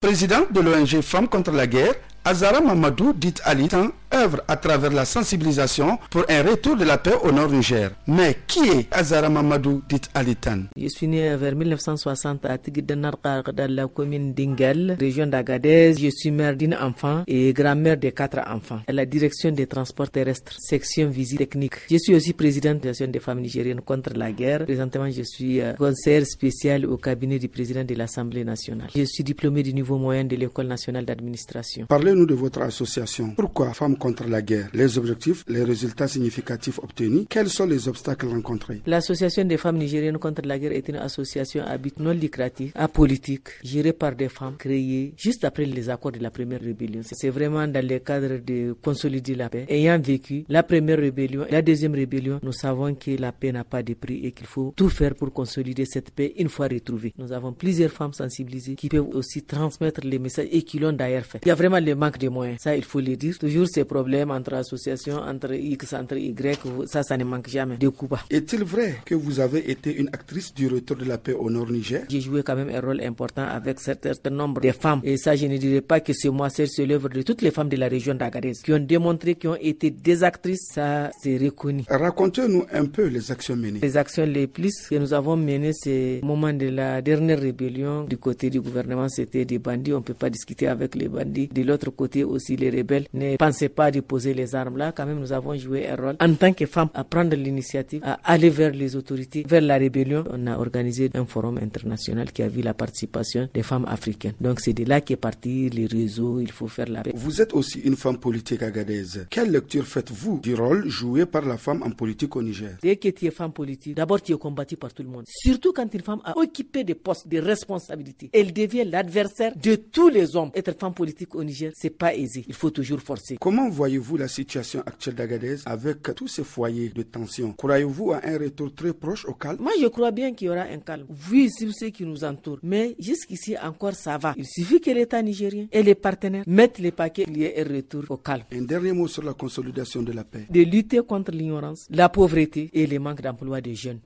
Présidente de l'ONG Femmes contre la guerre, Azara Mamadou, dite l'État œuvre à travers la sensibilisation pour un retour de la paix au nord Niger. Mais qui est Azara Mamadou dit Alitan Je suis né vers 1960 à Tigdanarkar dans la commune d'Ingel, région d'Agadez. Je suis mère d'une enfant et grand-mère de quatre enfants à la direction des transports terrestres, section visite technique. Je suis aussi présidente de l'Association des femmes nigériennes contre la guerre. Présentement, je suis euh, conseillère spéciale au cabinet du président de l'Assemblée nationale. Je suis diplômée du niveau moyen de l'École nationale d'administration. Parlez-nous de votre association. Pourquoi Femmes contre la guerre, les objectifs, les résultats significatifs obtenus, quels sont les obstacles rencontrés L'association des femmes nigériennes contre la guerre est une association à but non lucratif, apolitique, gérée par des femmes, créée juste après les accords de la première rébellion. C'est vraiment dans le cadre de consolider la paix. Ayant vécu la première rébellion, la deuxième rébellion, nous savons que la paix n'a pas de prix et qu'il faut tout faire pour consolider cette paix une fois retrouvée. Nous avons plusieurs femmes sensibilisées qui peuvent aussi transmettre les messages et qui l'ont d'ailleurs fait. Il y a vraiment le manque de moyens. Ça, il faut le dire. Toujours, c'est problèmes entre associations, entre X, entre Y, ça, ça ne manque jamais de Cuba. Est-il vrai que vous avez été une actrice du retour de la paix au Nord Niger J'ai joué quand même un rôle important avec un certain nombre de femmes. Et ça, je ne dirais pas que c'est moi, c'est l'œuvre de toutes les femmes de la région d'Agadez qui ont démontré, qu'ils ont été des actrices, ça c'est reconnu. Racontez-nous un peu les actions menées. Les actions les plus que nous avons menées, c'est au moment de la dernière rébellion du côté du gouvernement, c'était des bandits, on ne peut pas discuter avec les bandits. De l'autre côté aussi, les rebelles ne pensaient pas pas de les armes là. Quand même, nous avons joué un rôle en tant que femme à prendre l'initiative, à aller vers les autorités, vers la rébellion. On a organisé un forum international qui a vu la participation des femmes africaines. Donc c'est de là qu'est parti les réseaux, il faut faire la paix. Vous êtes aussi une femme politique agadaise. Quelle lecture faites-vous du rôle joué par la femme en politique au Niger Dès que tu es femme politique, d'abord tu es combattue par tout le monde. Surtout quand une femme a occupé des postes de responsabilité, elle devient l'adversaire de tous les hommes. Être femme politique au Niger, c'est pas aisé. Il faut toujours forcer. Comment voyez-vous la situation actuelle d'Agadez avec tous ces foyers de tension Croyez-vous à un retour très proche au calme Moi, je crois bien qu'il y aura un calme, vu ce qui nous entoure. Mais jusqu'ici encore, ça va. Il suffit que l'État nigérien et les partenaires mettent les paquets liés et retour au calme. Un dernier mot sur la consolidation de la paix. De lutter contre l'ignorance, la pauvreté et les manques d'emploi des jeunes.